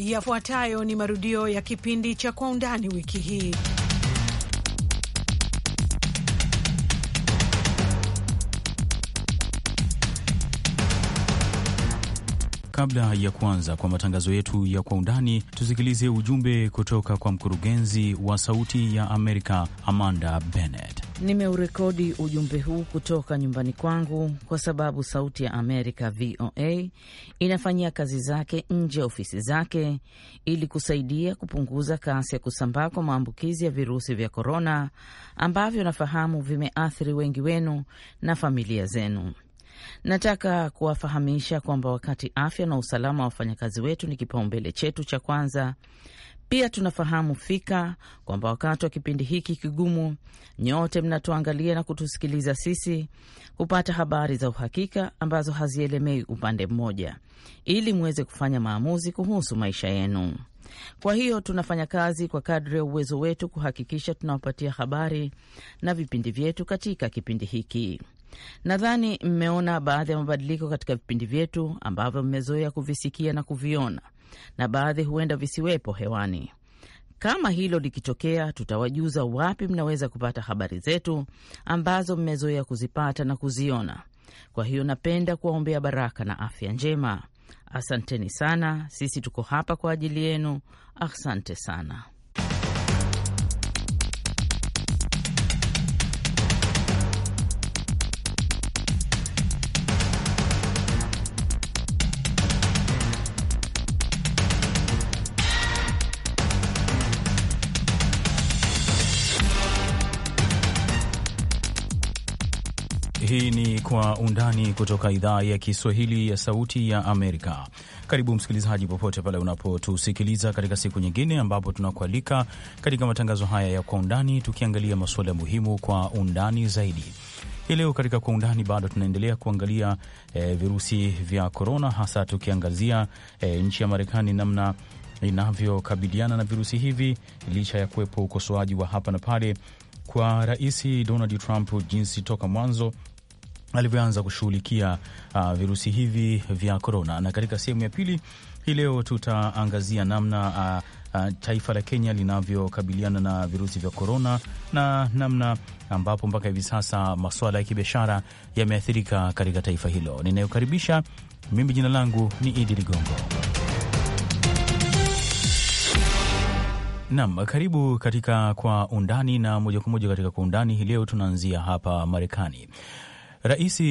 Yafuatayo ni marudio ya kipindi cha Kwa Undani wiki hii. Kabla ya kuanza kwa matangazo yetu ya kwa undani, tusikilize ujumbe kutoka kwa mkurugenzi wa Sauti ya Amerika, Amanda Bennett. Nimeurekodi ujumbe huu kutoka nyumbani kwangu kwa sababu Sauti ya Amerika VOA inafanyia kazi zake nje ya ofisi zake ili kusaidia kupunguza kasi ya kusambaa kwa maambukizi ya virusi vya korona ambavyo nafahamu vimeathiri wengi wenu na familia zenu. Nataka kuwafahamisha kwamba wakati afya na usalama wa wafanyakazi wetu ni kipaumbele chetu cha kwanza, pia tunafahamu fika kwamba wakati wa kipindi hiki kigumu, nyote mnatuangalia na kutusikiliza sisi kupata habari za uhakika ambazo hazielemei upande mmoja, ili mweze kufanya maamuzi kuhusu maisha yenu. Kwa hiyo tunafanya kazi kwa kadri ya uwezo wetu kuhakikisha tunawapatia habari na vipindi vyetu katika kipindi hiki. Nadhani mmeona baadhi ya mabadiliko katika vipindi vyetu ambavyo mmezoea kuvisikia na kuviona na baadhi huenda visiwepo hewani. Kama hilo likitokea, tutawajuza wapi mnaweza kupata habari zetu ambazo mmezoea kuzipata na kuziona. Kwa hiyo napenda kuwaombea baraka na afya njema. Asanteni sana, sisi tuko hapa kwa ajili yenu. Asante sana. Hii ni Kwa Undani kutoka idhaa ya Kiswahili ya Sauti ya Amerika. Karibu msikilizaji, popote pale unapotusikiliza katika siku nyingine, ambapo tunakualika katika matangazo haya ya Kwa Undani, tukiangalia masuala muhimu kwa undani zaidi. Hii leo katika kwa undani bado tunaendelea kuangalia e, virusi vya korona, hasa tukiangazia e, nchi ya Marekani namna inavyokabiliana na virusi hivi licha ya kuwepo ukosoaji wa hapa na pale kwa Rais Donald Trump jinsi toka mwanzo alivyoanza kushughulikia uh, virusi hivi vya korona. Na katika sehemu ya pili hii leo tutaangazia namna uh, Uh, taifa la Kenya linavyokabiliana na virusi vya korona na namna ambapo mpaka hivi sasa masuala ya kibiashara yameathirika katika taifa hilo. Ninayokaribisha mimi, jina langu ni Idi Ligongo. nam karibu katika Kwa Undani na moja kwa moja katika Kwa Undani hii leo tunaanzia hapa Marekani. Rais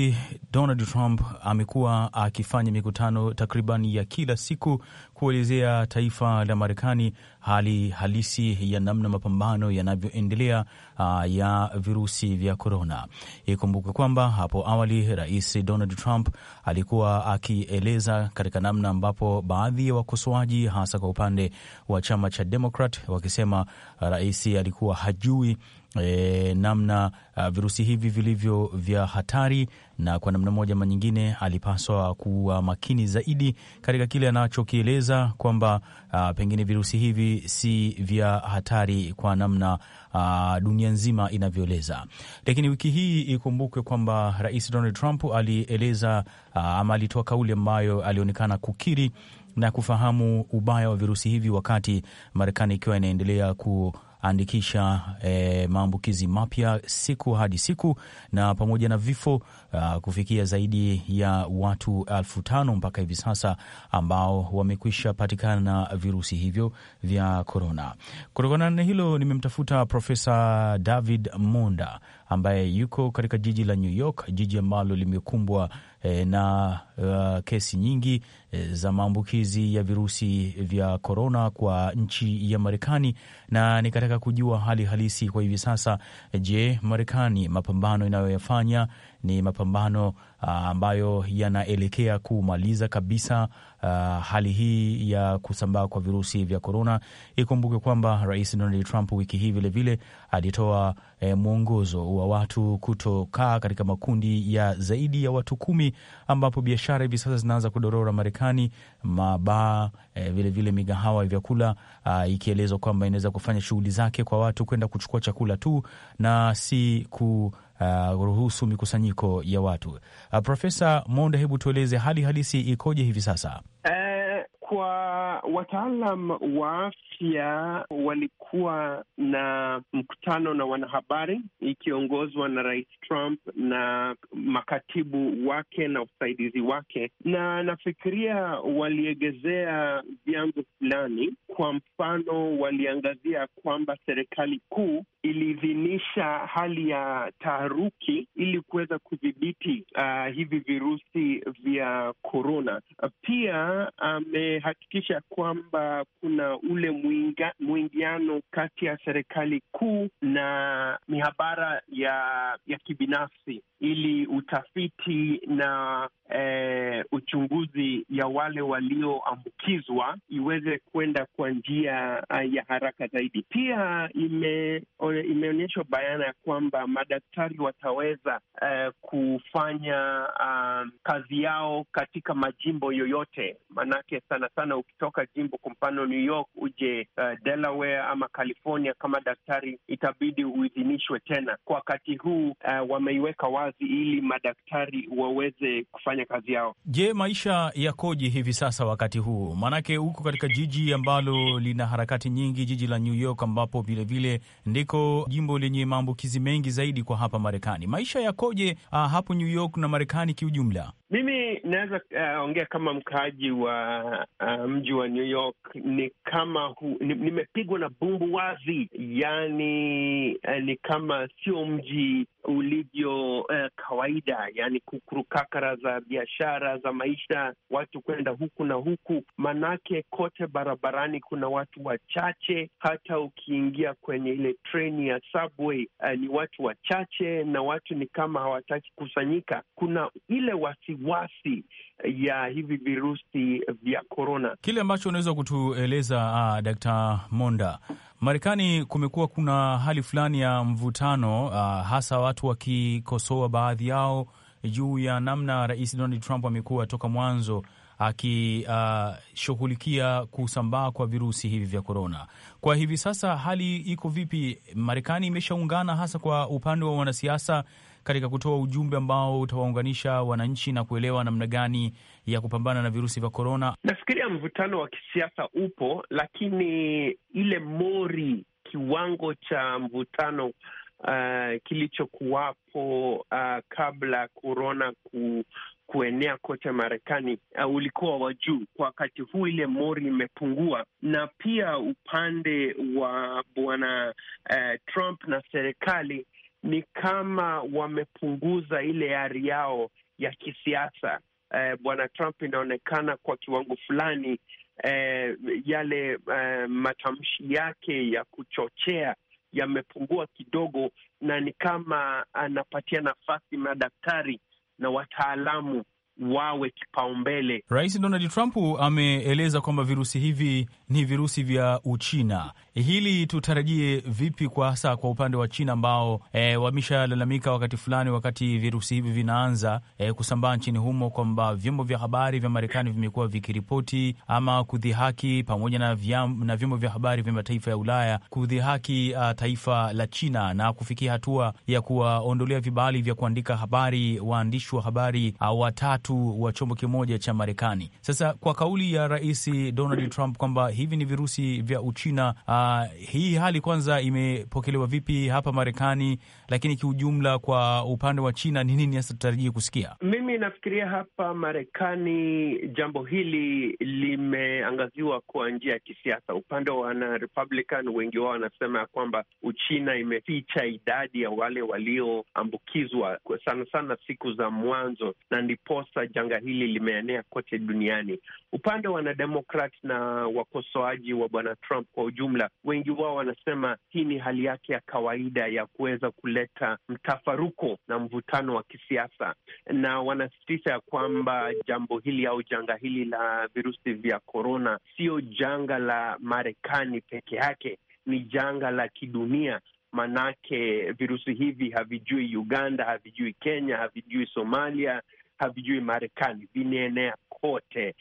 Donald Trump amekuwa akifanya mikutano takriban ya kila siku kuelezea taifa la Marekani hali halisi ya namna mapambano yanavyoendelea ah, ya virusi vya korona. Ikumbuke kwamba hapo awali Rais Donald Trump alikuwa akieleza katika namna ambapo baadhi ya wa wakosoaji hasa kwa upande wa chama cha Demokrat wakisema rais alikuwa hajui e, namna uh, virusi hivi vilivyo vya hatari, na kwa namna moja ama nyingine alipaswa kuwa makini zaidi katika kile anachokieleza kwamba pengine virusi hivi si vya hatari kwa namna uh, dunia nzima inavyoeleza. Lakini wiki hii ikumbukwe kwamba Rais Donald Trump alieleza ama alitoa kauli ambayo alionekana kukiri na kufahamu ubaya wa virusi hivi wakati Marekani ikiwa inaendelea ku andikisha e, eh, maambukizi mapya siku hadi siku na pamoja na vifo a, ah, kufikia zaidi ya watu elfu tano mpaka hivi sasa ambao wamekwisha patikana na virusi hivyo vya korona. Kutokana na hilo, nimemtafuta Profesa David Monda ambaye yuko katika jiji la New York, jiji ambalo limekumbwa eh, na uh, kesi nyingi eh, za maambukizi ya virusi vya korona kwa nchi ya Marekani, na nikataka kujua hali halisi kwa hivi sasa. Je, Marekani mapambano inayoyafanya ni mapambano uh, ambayo yanaelekea kumaliza kabisa uh, hali hii ya kusambaa kwa virusi vya korona. Ikumbuke kwamba Rais Donald Trump wiki hii vilevile alitoa eh, mwongozo wa watu kutokaa katika makundi ya zaidi ya watu kumi, ambapo biashara hivi sasa zinaanza kudorora Marekani, mabaa eh, vilevile migahawa ya vyakula uh, ikielezwa kwamba inaweza kufanya shughuli zake kwa watu kwenda kuchukua chakula tu na si ku uh, ruhusu mikusanyiko ya watu. Uh, Profesa Monda, hebu tueleze hali halisi ikoje hivi sasa? Eh, kwa wataalam wa afya walikuwa na mkutano na wanahabari ikiongozwa na Rais Trump na makatibu wake na usaidizi wake, na nafikiria waliegezea vyanzo fulani. Kwa mfano, waliangazia kwamba serikali kuu iliidhinisha hali ya taharuki ili kuweza kudhibiti uh, hivi virusi vya korona. Pia ame imehakikisha kwamba kuna ule mwinga, mwingiano kati ya serikali kuu na mihabara ya ya kibinafsi ili utafiti na eh, uchunguzi ya wale walioambukizwa iweze kwenda kwa njia eh, ya haraka zaidi. Pia ime, imeonyeshwa bayana ya kwamba madaktari wataweza eh, kufanya um, kazi yao katika majimbo yoyote, manake sana sana sana ukitoka jimbo, kwa mfano New York uje uh, Delaware ama California, kama daktari itabidi uidhinishwe tena. Kwa wakati huu uh, wameiweka wazi ili madaktari waweze kufanya kazi yao. Je, maisha yakoje hivi sasa wakati huu? Maanake huko katika jiji ambalo lina harakati nyingi, jiji la New York, ambapo vilevile ndiko jimbo lenye maambukizi mengi zaidi kwa hapa Marekani, maisha yakoje uh, hapo New York na Marekani kiujumla? Mimi naweza uh, ongea kama mkaaji wa uh, mji wa New York ni kama hu, ni, nimepigwa na bumbu wazi, yani uh, eh, ni kama sio mji ulivyo uh, kawaida, yani kukurukakara za biashara za maisha, watu kwenda huku na huku, manake kote barabarani kuna watu wachache. Hata ukiingia kwenye ile treni ya subway uh, ni watu wachache, na watu ni kama hawataki kusanyika. Kuna ile wasiwasi ya hivi virusi vya korona. Kile ambacho unaweza kutueleza uh, ah, Dkt. Monda Marekani kumekuwa kuna hali fulani ya mvutano uh, hasa watu wakikosoa baadhi yao juu ya namna Rais Donald Trump amekuwa toka mwanzo akishughulikia uh, kusambaa kwa virusi hivi vya korona. Kwa hivi sasa hali iko vipi? Marekani imeshaungana hasa kwa upande wa wanasiasa katika kutoa ujumbe ambao utawaunganisha wananchi na kuelewa namna gani ya kupambana na virusi vya korona? Nafikiria mvutano wa kisiasa upo, lakini ile mori kiwango cha mvutano uh, kilichokuwapo uh, kabla ya korona ku kuenea kote Marekani uh, ulikuwa wa juu. Kwa wakati huu ile mori imepungua, na pia upande wa bwana uh, Trump na serikali ni kama wamepunguza ile ari yao ya kisiasa eh, bwana Trump inaonekana kwa kiwango fulani eh, yale eh, matamshi yake ya kuchochea yamepungua kidogo, na ni kama anapatia nafasi madaktari na wataalamu wawe kipaumbele. Rais Donald Trump ameeleza kwamba virusi hivi ni virusi vya Uchina. Hili tutarajie vipi kwa hasa kwa upande wa China ambao e, wameshalalamika wakati fulani, wakati virusi hivi vinaanza e, kusambaa nchini humo kwamba vyombo vya habari vya Marekani vimekuwa vikiripoti ama kudhihaki pamoja na, vyam, na vyombo vya habari vya mataifa ya Ulaya kudhihaki uh, ah, taifa la China na kufikia hatua ya kuwaondolea vibali vya kuandika habari waandishi wa habari uh, watatu watu wa chombo kimoja cha Marekani. Sasa kwa kauli ya Rais Donald Trump kwamba hivi ni virusi vya Uchina, uh, hii hali kwanza imepokelewa vipi hapa Marekani? lakini kiujumla, kwa upande wa China ni nini hasa tutarajia kusikia? Mimi nafikiria hapa Marekani jambo hili limeangaziwa kwa njia ya kisiasa. Upande wa wana Republican wengi wao wanasema ya kwamba Uchina imeficha idadi ya wale walioambukizwa sana sana siku za mwanzo, na ndiposa janga hili limeenea kote duniani. Upande wa wanademokrat na wakosoaji wa bwana Trump kwa ujumla, wengi wao wanasema hii ni hali yake ya kawaida ya kuweza kuleta mtafaruko na mvutano wa kisiasa, na wanasisitiza ya kwamba jambo hili au janga hili la virusi vya korona sio janga la Marekani peke yake, ni janga la kidunia. Manake virusi hivi havijui Uganda, havijui Kenya, havijui Somalia, havijui Marekani, vinaenea kote.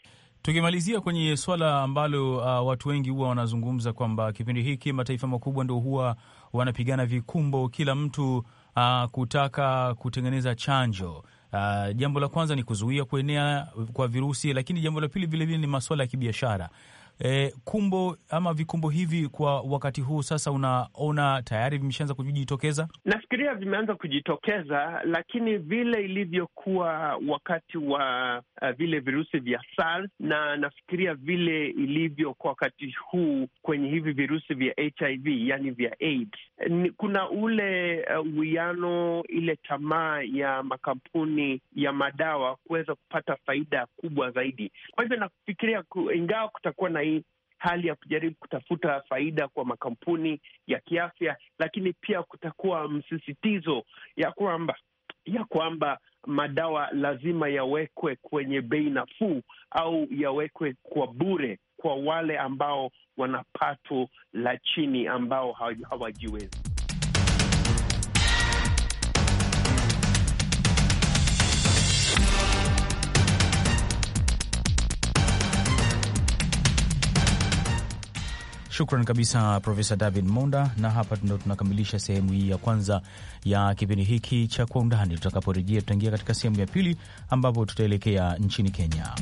Tukimalizia kwenye swala ambalo uh, watu wengi huwa wanazungumza kwamba kipindi hiki mataifa makubwa ndo huwa wanapigana vikumbo, kila mtu uh, kutaka kutengeneza chanjo. Uh, jambo la kwanza ni kuzuia kuenea kwa virusi, lakini jambo la pili vilevile ni masuala ya kibiashara. E, kumbo ama vikumbo hivi kwa wakati huu sasa unaona tayari vimeshaanza kujitokeza? Nafikiria vimeanza kujitokeza, lakini vile ilivyokuwa wakati wa uh, vile virusi vya SARS na nafikiria vile ilivyo kwa wakati huu kwenye hivi virusi vya HIV yani vya AIDS, kuna ule uh, uwiano uh, ile tamaa ya makampuni ya madawa kuweza kupata faida kubwa zaidi. Kwa hivyo nafikiria ingawa kutakuwa na hii hali ya kujaribu kutafuta faida kwa makampuni ya kiafya, lakini pia kutakuwa msisitizo ya kwamba ya kwamba madawa lazima yawekwe kwenye bei nafuu au yawekwe kwa bure kwa wale ambao wana pato la chini ambao hawajiwezi. Shukran kabisa Profesa David Monda, na hapa ndo tunakamilisha sehemu hii ya kwanza ya kipindi hiki cha Kwa Undani. Tutakaporejea, tutaingia katika sehemu ya pili ambapo tutaelekea nchini Kenya.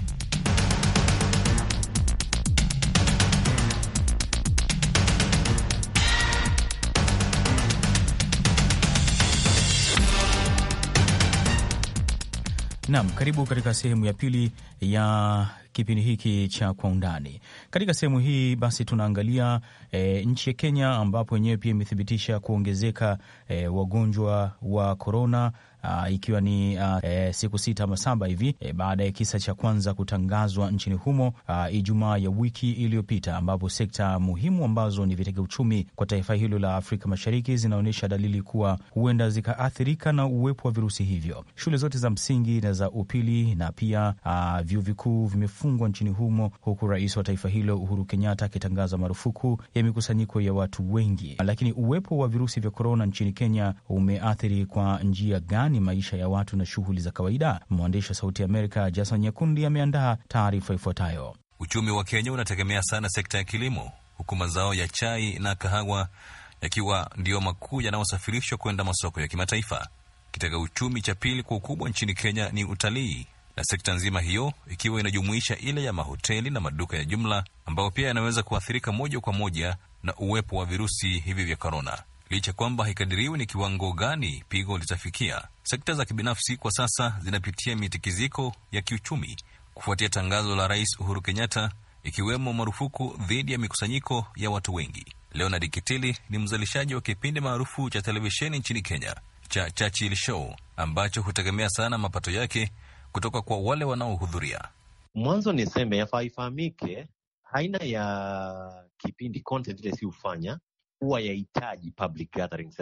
Naam, karibu katika sehemu ya pili ya kipindi hiki cha Kwa Undani. Katika sehemu hii basi tunaangalia e, nchi ya Kenya ambapo wenyewe pia imethibitisha kuongezeka e, wagonjwa wa korona Uh, ah, ikiwa ni uh, e, siku sita ama saba hivi e, baada ya kisa cha kwanza kutangazwa nchini humo uh, Ijumaa ya wiki iliyopita, ambapo sekta muhimu ambazo ni vitega uchumi kwa taifa hilo la Afrika Mashariki zinaonyesha dalili kuwa huenda zikaathirika na uwepo wa virusi hivyo. Shule zote za msingi na za upili na pia uh, vyuo vikuu vimef yamefungwa nchini humo, huku rais wa taifa hilo Uhuru Kenyatta akitangaza marufuku ya mikusanyiko ya watu wengi. Lakini uwepo wa virusi vya korona nchini Kenya umeathiri kwa njia gani maisha ya watu na shughuli za kawaida? Mwandishi wa Sauti ya Amerika Jason Nyakundi ameandaa taarifa ifuatayo. Uchumi wa Kenya unategemea sana sekta ya kilimo, huku mazao ya chai na kahawa yakiwa ndiyo makuu yanayosafirishwa kwenda masoko ya kimataifa. Kitega uchumi cha pili kwa ukubwa nchini Kenya ni utalii na sekta nzima hiyo ikiwa inajumuisha ile ya mahoteli na maduka ya jumla ambayo pia yanaweza kuathirika moja kwa moja na uwepo wa virusi hivi vya korona. Licha kwamba haikadiriwi ni kiwango gani pigo litafikia, sekta za kibinafsi kwa sasa zinapitia mitikiziko ya kiuchumi kufuatia tangazo la Rais Uhuru Kenyatta, ikiwemo marufuku dhidi ya mikusanyiko ya watu wengi. Leonard Kitili ni mzalishaji wa kipindi maarufu cha televisheni nchini Kenya cha Churchill Show ambacho hutegemea sana mapato yake kutoka kwa wale wanaohudhuria. Mwanzo niseme yafaa ifahamike, aina ya kipindi content ile si hufanya huwa yahitaji public gatherings,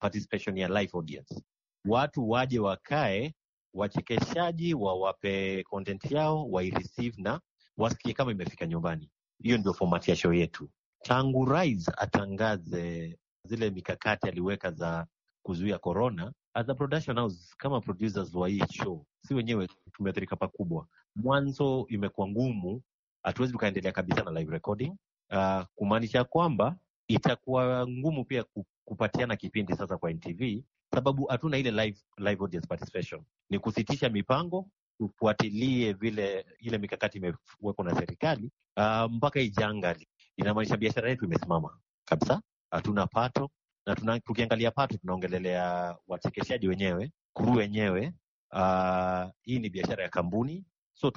participation ya live audience, watu waje wakae, wachekeshaji wawape content yao waireceive na wasikie kama imefika nyumbani. Hiyo ndio fomati ya show yetu. Tangu rais atangaze zile mikakati aliweka za kuzuia korona, as a production house, kama producers wa hii show, si wenyewe tumeathirika pakubwa. Mwanzo imekuwa ngumu, hatuwezi tukaendelea kabisa na live recording uh, kumaanisha kwamba itakuwa ngumu pia kupatiana kipindi sasa kwa NTV sababu hatuna ile live, live audience participation. Ni kusitisha mipango tufuatilie vile ile mikakati imewekwa na serikali uh, mpaka ijangali, inamaanisha biashara yetu imesimama kabisa, hatuna pato na tuna, tukiangalia pato tunaongelelea wachekeshaji wenyewe, kuru wenyewe. Uh, hii ni biashara ya kampuni, so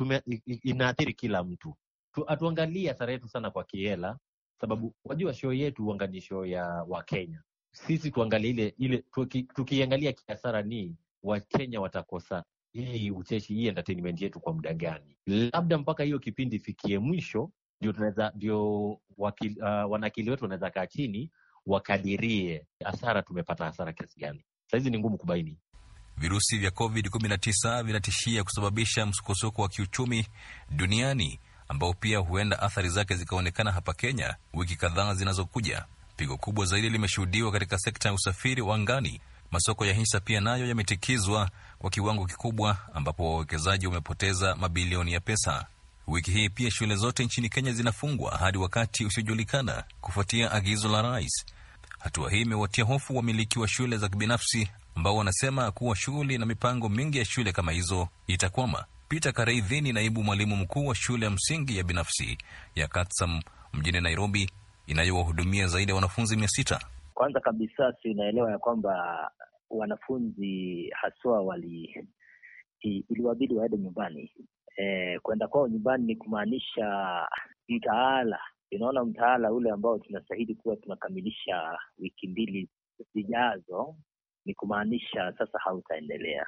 inaathiri kila mtu. Hatuangalii hasara yetu sana kwa kihela sababu wajua show yetu wanga ni show ya Wakenya. Sisi tuangalie ile ile, tukiangalia tuki kiasara ni Wakenya watakosa hii ucheshi, hii entertainment yetu kwa muda gani? Labda mpaka hiyo kipindi ifikie mwisho ndio tunaweza ndio uh, wanakili wetu wanaweza kaa chini wakadirie hasara, tumepata hasara kiasi gani. Sahizi ni ngumu kubaini. Virusi vya COVID-19 vinatishia kusababisha msukosuko wa kiuchumi duniani ambao pia huenda athari zake zikaonekana hapa Kenya wiki kadhaa zinazokuja. Pigo kubwa zaidi limeshuhudiwa katika sekta ya usafiri wa angani. Masoko ya hisa pia nayo yametikizwa kwa kiwango kikubwa, ambapo wawekezaji wamepoteza mabilioni ya pesa. Wiki hii pia shule zote nchini Kenya zinafungwa hadi wakati usiojulikana kufuatia agizo la rais Hatua hii imewatia hofu wamiliki wa shule za kibinafsi ambao wanasema kuwa shughuli na mipango mingi ya shule kama hizo itakwama. Peter Kareidhini, naibu mwalimu mkuu wa shule ya msingi ya binafsi ya Katsam mjini Nairobi, inayowahudumia zaidi ya wanafunzi mia sita. Kwanza kabisa tunaelewa ya kwamba wanafunzi haswa wali iliwabidi waende nyumbani. E, kwenda kwao nyumbani ni kumaanisha mtaala Tunaona mtaala ule ambao tunastahili kuwa tunakamilisha wiki mbili zijazo, ni kumaanisha sasa hautaendelea,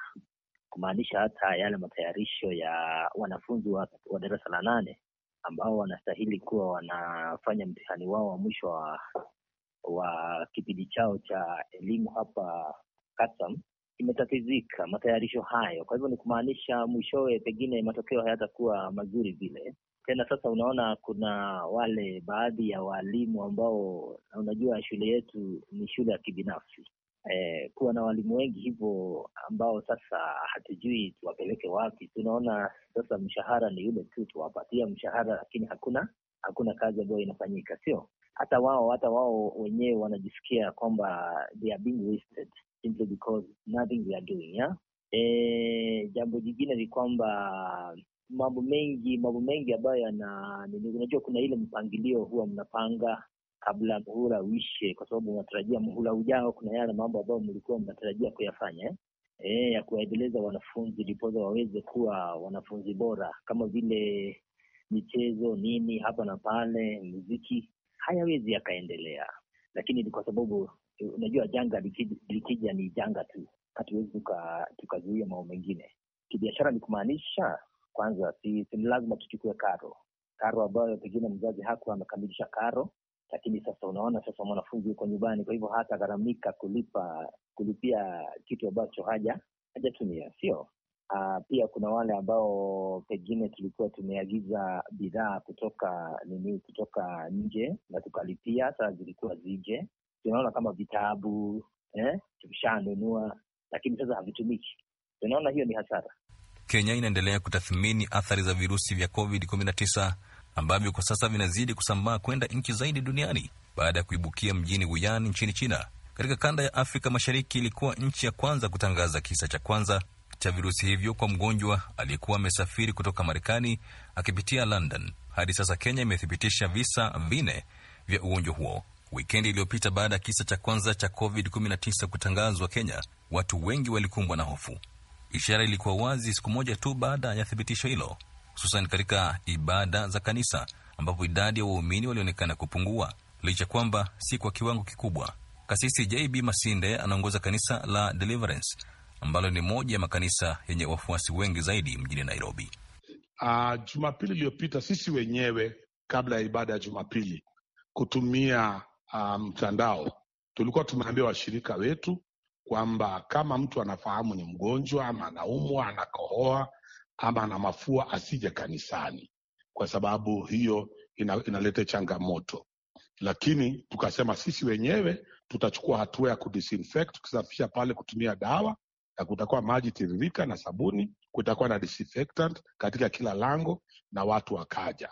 kumaanisha hata yale matayarisho ya wanafunzi wa, wa darasa la nane ambao wanastahili kuwa wanafanya mtihani wao wa mwisho wa, wa kipindi chao cha elimu hapa KATSAM imetatizika matayarisho hayo. Kwa hivyo ni kumaanisha mwishowe, pengine matokeo hayatakuwa mazuri vile, tena sasa unaona kuna wale baadhi ya walimu ambao unajua shule yetu ni shule ya kibinafsi e, kuwa na walimu wengi hivyo ambao sasa hatujui tuwapeleke wapi. Tunaona sasa mshahara ni yule tu, tuwapatia mshahara, lakini hakuna hakuna kazi ambayo inafanyika, sio hata wao hata wao wenyewe wanajisikia kwamba they are being wasted simply because nothing are doing yeah? E, jambo jingine ni kwamba mambo mengi mambo mengi ambayo yana, unajua kuna ile mpangilio huwa mnapanga kabla muhula uishe, kwa sababu unatarajia muhula ujao kuna yale mambo ambayo mlikuwa mnatarajia kuyafanya eh? E, ya kuwaendeleza wanafunzi ndiposa waweze kuwa wanafunzi bora, kama vile michezo nini hapa na pale, muziki, hayawezi yakaendelea, lakini ni kwa sababu unajua janga likija, likija ni janga tu, hatuwezi tukazuia tuka mambo mengine. Kibiashara ni kumaanisha kwanza si, si lazima tuchukue karo karo ambayo pengine mzazi hakuwa amekamilisha karo, lakini sasa unaona sasa mwanafunzi yuko nyumbani, kwa hivyo hata gharamika kulipa kulipia kitu ambacho haja hajatumia, sio Uh, pia kuna wale ambao pengine tulikuwa tumeagiza bidhaa kutoka nini kutoka nje na tukalipia, hata zilikuwa zije, tunaona kama vitabu eh, tukishanunua lakini sasa havitumiki, tunaona hiyo ni hasara. Kenya inaendelea kutathmini athari za virusi vya COVID-19 ambavyo kwa sasa vinazidi kusambaa kwenda nchi zaidi duniani baada ya kuibukia mjini Wuhan nchini China. Katika kanda ya Afrika Mashariki, ilikuwa nchi ya kwanza kutangaza kisa cha kwanza cha virusi hivyo kwa mgonjwa aliyekuwa amesafiri kutoka Marekani akipitia London. Hadi sasa Kenya imethibitisha visa vine vya ugonjwa huo. Wikendi iliyopita, baada ya kisa cha kwanza cha COVID-19 kutangazwa Kenya, watu wengi walikumbwa na hofu. Ishara ilikuwa wazi siku moja tu baada ya thibitisho hilo, hususan katika ibada za kanisa ambapo idadi ya waumini walionekana kupungua licha kwamba si kwa kiwango kikubwa. Kasisi JB Masinde anaongoza kanisa la Deliverance ambalo ni moja ya makanisa yenye wafuasi wengi zaidi mjini Nairobi. Uh, Jumapili iliyopita sisi wenyewe kabla ya ibada ya Jumapili kutumia ah, mtandao um, tulikuwa tumeambia washirika wetu kwamba kama mtu anafahamu ni mgonjwa ama anaumwa, anakohoa ama ana mafua, asije kanisani, kwa sababu hiyo ina, inaleta changamoto. Lakini tukasema sisi wenyewe tutachukua hatua ya kudisinfect, tukisafisha pale kutumia dawa na kutakuwa maji tiririka na sabuni, kutakuwa na disinfectant katika kila lango na watu wakaja.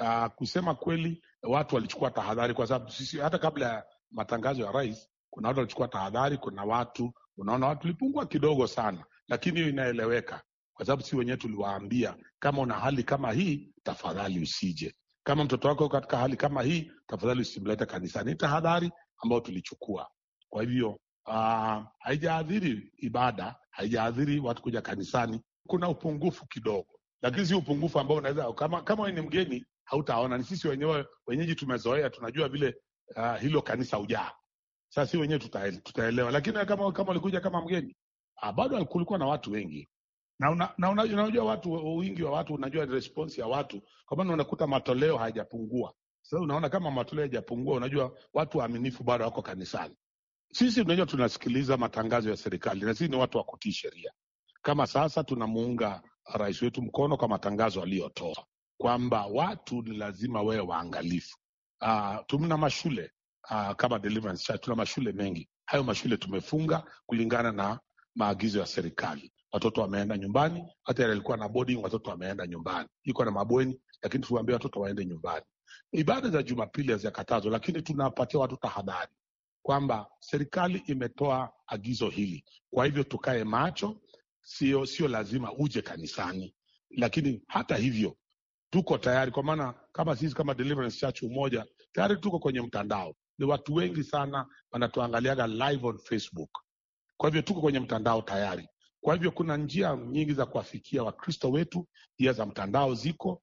Uh, kusema kweli watu walichukua tahadhari, kwa sababu sisi hata kabla ya matangazo ya rais kuna watu walichukua tahadhari, kuna watu unaona watu tulipungua kidogo sana, lakini hiyo inaeleweka kwa sababu si wenyewe tuliwaambia, kama una hali kama hii, tafadhali usije. Kama mtoto wako katika hali kama hii, tafadhali usimlete kanisani. Ni tahadhari ambayo tulichukua. Kwa hivyo uh, haijaathiri ibada, haijaathiri watu kuja kanisani. Kuna upungufu kidogo, lakini si upungufu ambao unaweza kama, kama wewe ni mgeni hautaona. Ni sisi wenyewe wenyeji tumezoea, tunajua vile uh, hilo kanisa ujaa sasa si wenyewe tutaelewa, lakini kama kama ulikuja kama mgeni, ah, bado kulikuwa na watu wengi na unajua na una, una, una watu wingi wa watu, unajua response ya watu, kwa maana unakuta matoleo hayajapungua. Sasa unaona kama matoleo hayajapungua, unajua watu waaminifu bado wako kanisani. Sisi unajua tunasikiliza matangazo ya serikali na sisi ni watu wa kutii sheria. Kama sasa tunamuunga rais wetu mkono kwa matangazo aliyotoa kwamba watu ni lazima wewe waangalifu. Uh, tumna mashule uh, kama Deliverance Church tuna mashule mengi. Hayo mashule tumefunga kulingana na maagizo ya serikali. Watoto wameenda nyumbani, hata yale alikuwa na boarding, watoto wameenda nyumbani, iko na mabweni, lakini tuwaambia watoto waende nyumbani. Ibada za Jumapili hazijakatazwa, lakini tunapatia watu tahadhari kwamba serikali imetoa agizo hili, kwa hivyo tukae macho. Sio, sio lazima uje kanisani, lakini hata hivyo tuko tayari, kwa maana kama sisi kama Deliverance Church Umoja tayari tuko kwenye mtandao ni watu wengi sana wanatuangaliaga live on Facebook. Kwa hivyo tuko kwenye mtandao tayari. Kwa hivyo kuna njia nyingi za kuwafikia Wakristo wetu. Njia za mtandao ziko,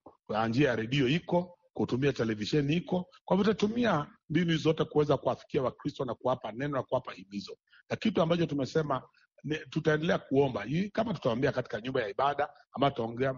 njia ya redio iko, kutumia televisheni iko. Kwa hivyo tutatumia mbinu zote kuweza kuwafikia Wakristo na kuwapa neno na kuwapa himizo, na kitu ambacho tumesema tutaendelea kuomba hii, kama tutaombea katika nyumba ya ibada ama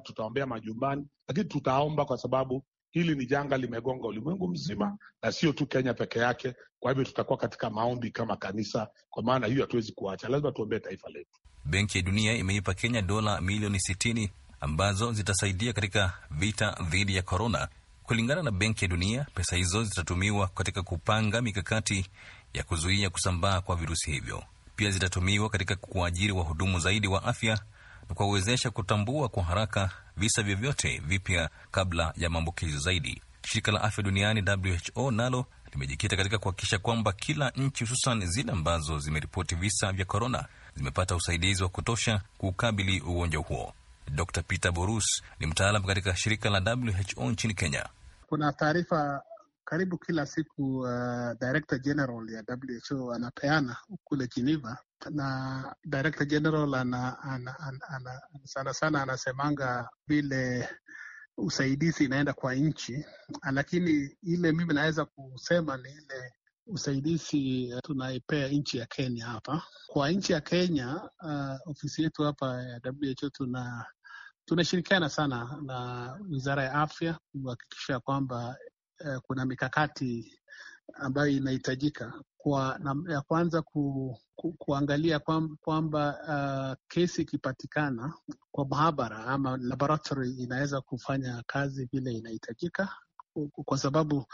tutaombea majumbani, lakini tutaomba kwa sababu hili ni janga limegonga ulimwengu mzima na sio tu Kenya peke yake. Kwa hivyo tutakuwa katika maombi kama kanisa, kwa maana hiyo hatuwezi kuacha, lazima tuombee taifa letu. Benki ya Dunia imeipa Kenya dola milioni sitini ambazo zitasaidia katika vita dhidi ya korona. Kulingana na Benki ya Dunia, pesa hizo zitatumiwa katika kupanga mikakati ya kuzuia kusambaa kwa virusi hivyo. Pia zitatumiwa katika kuajiri wahudumu zaidi wa afya na kuwawezesha kutambua kwa haraka visa vyovyote vipya kabla ya maambukizi zaidi. Shirika la afya duniani WHO nalo limejikita katika kuhakikisha kwamba kila nchi, hususan zile ambazo zimeripoti visa vya korona, zimepata usaidizi wa kutosha kuukabili ugonjwa huo. Dr Peter Borus ni mtaalam katika shirika la WHO nchini Kenya. Kuna taarifa karibu kila siku uh, Director General ya WHO anapeana kule Geneva, na Director General ana, ana, ana, ana, sana sana anasemanga vile usaidizi inaenda kwa nchi, ah, lakini ile mimi naweza kusema ni ile usaidizi uh, tunaipea nchi ya Kenya hapa. Kwa nchi ya Kenya uh, ofisi yetu hapa ya WHO tuna tunashirikiana sana na Wizara ya Afya kuhakikisha kwamba eh, kuna mikakati ambayo inahitajika kwa na, ya kwanza ku, ku, kuangalia kwamba kwa uh, kesi ikipatikana kwa maabara ama laboratory inaweza kufanya kazi vile inahitajika, kwa sababu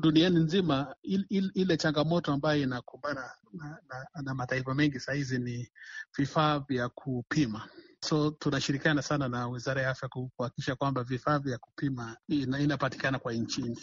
duniani nzima il, il, ile changamoto ambayo inakumbana na, na, na mataifa mengi sahizi ni vifaa vya kupima So tunashirikiana sana na wizara ya afya kuhakikisha kwamba vifaa vya kupima ina, inapatikana kwa nchini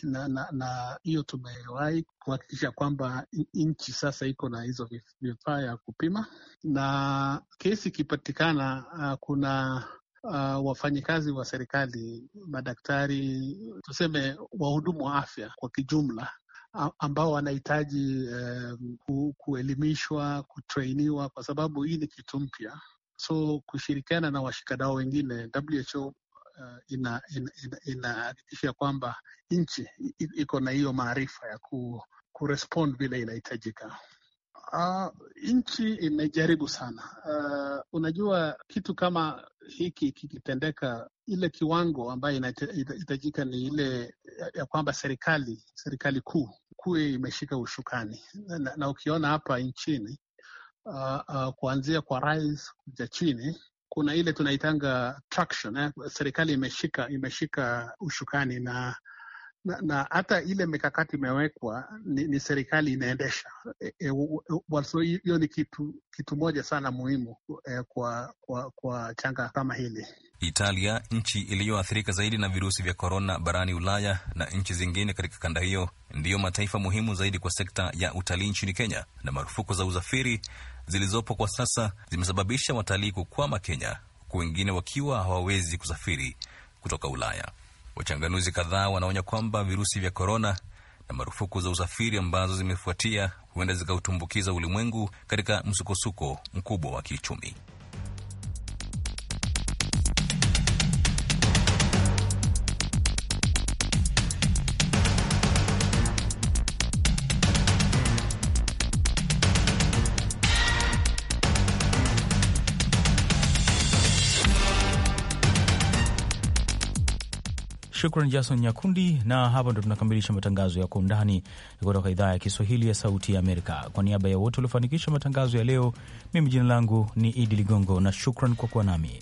na hiyo tumewahi kuhakikisha kwamba nchi sasa iko na hizo vifaa ya kupima, na kesi ikipatikana, uh, kuna Uh, wafanyikazi wa serikali, madaktari, tuseme wahudumu wa afya kwa kijumla, ambao wanahitaji um, kuelimishwa, kutreiniwa, kwa sababu hii ni kitu mpya So kushirikiana na washikadao wengine WHO uh, inahakikisha ina, ina kwamba nchi iko na hiyo maarifa ya ku, kurespond vile inahitajika. Uh, nchi imejaribu sana. Uh, unajua kitu kama hiki kikitendeka, ile kiwango ambayo inahitajika ni ile ya kwamba serikali serikali kuu kuwe imeshika ushukani na, na ukiona hapa nchini uh, uh, kuanzia kwa rais kuja chini kuna ile tunaitanga traction eh? Serikali imeshika imeshika ushukani na na hata ile mikakati imewekwa ni, ni serikali inaendesha hiyo e, e, ni kitu, kitu moja sana muhimu e, kwa, kwa, kwa changa kama hili. Italia, nchi iliyoathirika zaidi na virusi vya korona barani Ulaya na nchi zingine katika kanda hiyo, ndiyo mataifa muhimu zaidi kwa sekta ya utalii nchini Kenya, na marufuku za usafiri zilizopo kwa sasa zimesababisha watalii kukwama Kenya, huku wengine wakiwa hawawezi kusafiri kutoka Ulaya. Wachanganuzi kadhaa wanaonya kwamba virusi vya korona na marufuku za usafiri ambazo zimefuatia huenda zikautumbukiza ulimwengu katika msukosuko mkubwa wa kiuchumi. Shukran Jason Nyakundi, na hapa ndo tunakamilisha matangazo ya Kwa Undani kutoka idhaa ya Kiswahili ya Sauti ya Amerika. Kwa niaba ya wote waliofanikisha matangazo ya leo, mimi jina langu ni Idi Ligongo na shukran kwa kuwa nami.